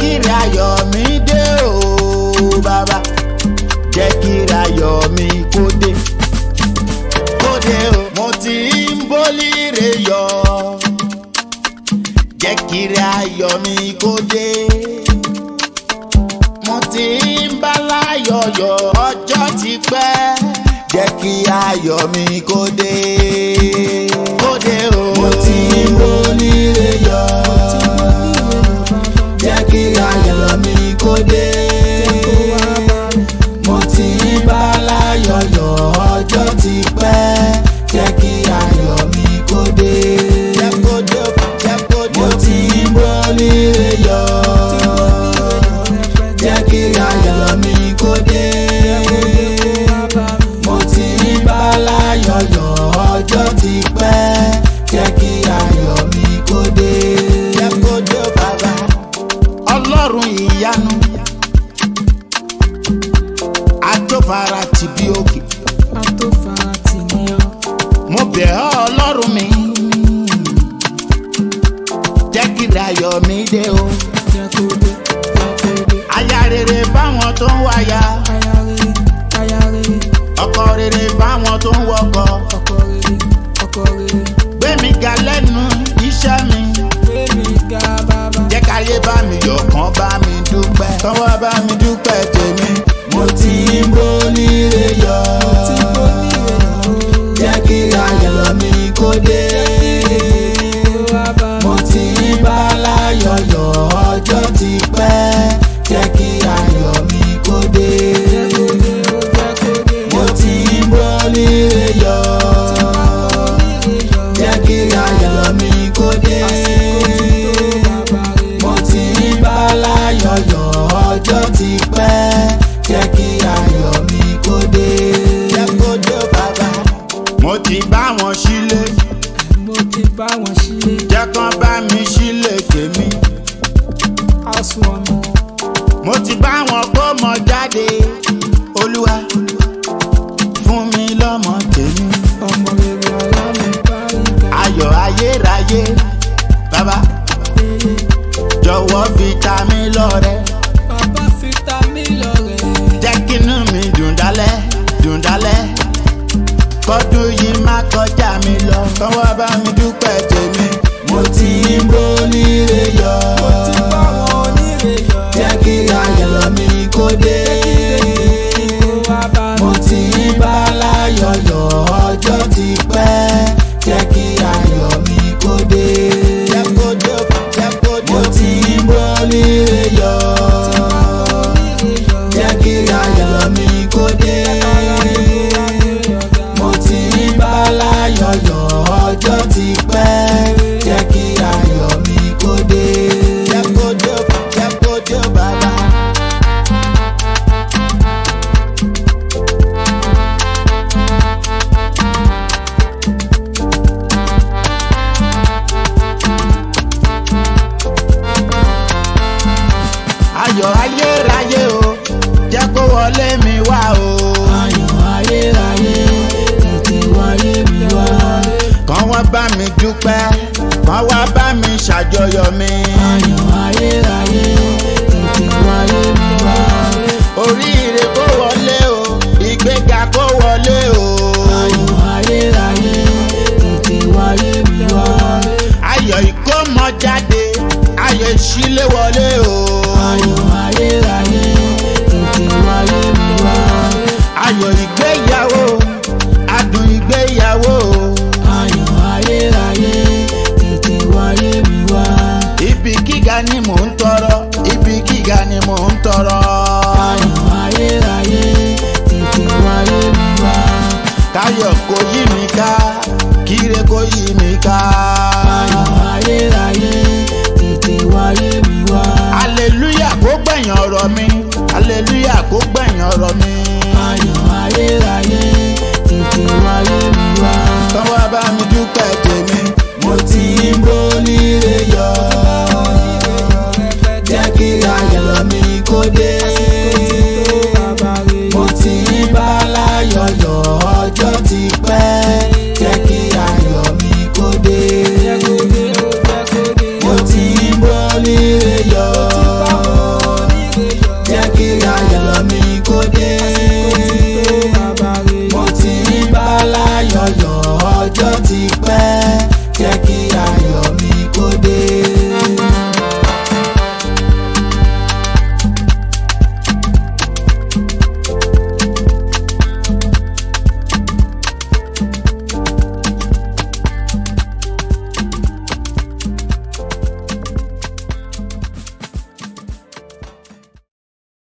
kíra ayọ̀ mi dé o bàbá jẹ́ kíra ayọ̀ mi kó dé o mo ti ń bólí re yọ jẹ́ kíra ayọ̀ mi kó dé mo ti ń bá láyọ̀ ọjọ́ ti pẹ́ jẹ́ kí ayọ̀ mi kó ọlọ́run ìyanu atófara ti bí òkè. atófara ti ní ọ. mo bẹ̀ ọ́ ọlọ́run mi jẹ́ kí dayọ̀ mi dé o. jẹ́ kó dé kó aya rere báwọn tó ń wáya. ọkọ rere báwọn tó ń wọkọ. ọkọ rere ọkọ rere. kọ́mọ́ bá mi dúpẹ́ tèmi mo ti ń bó nílé yọ. jẹ́ kí ayọ̀ mi kó dé. jẹ́ kó dé bàbá. mo ti bá wọn sílé. mo ti bá wọn sílé. jẹ́ kán bá mi sílé tèmi. mo ti bá wọn kó mọ jáde olúwa. Come wá bá ayọ̀ ayérayé o jẹ́ kó wọlé mi wá o. ayọ̀ ayérayé tètè wọlé mi wá. kàn wá bá mi dúpẹ́ kàn wá bá mi ṣàjọyọ̀ mi. ayọ̀ ayérayé tètè wọlé mi wá. oríire kó wọlé o ìgbéga kó wọlé o. ayọ̀ ayérayé tètè wọlé mi wá. ayọ̀ ìkómọ jáde ayọ̀ ìṣílẹ̀ wọlé o ayọ̀ ayérayé tètè wálé mi wá. ayọ̀ ìgbéyàwó adùn ìgbéyàwó. ayọ̀ ayérayé tètè wálé mi wá. ibi gíga ni mò ń tọrọ ibi gíga ni mò ń tọrọ. ayọ̀ ayérayé tètè wálé mi wá. káyọ̀ kọ́. ọ̀rọ̀ mi hallelujah kó gbẹ̀yìn ọ̀rọ̀ mi. ayọ̀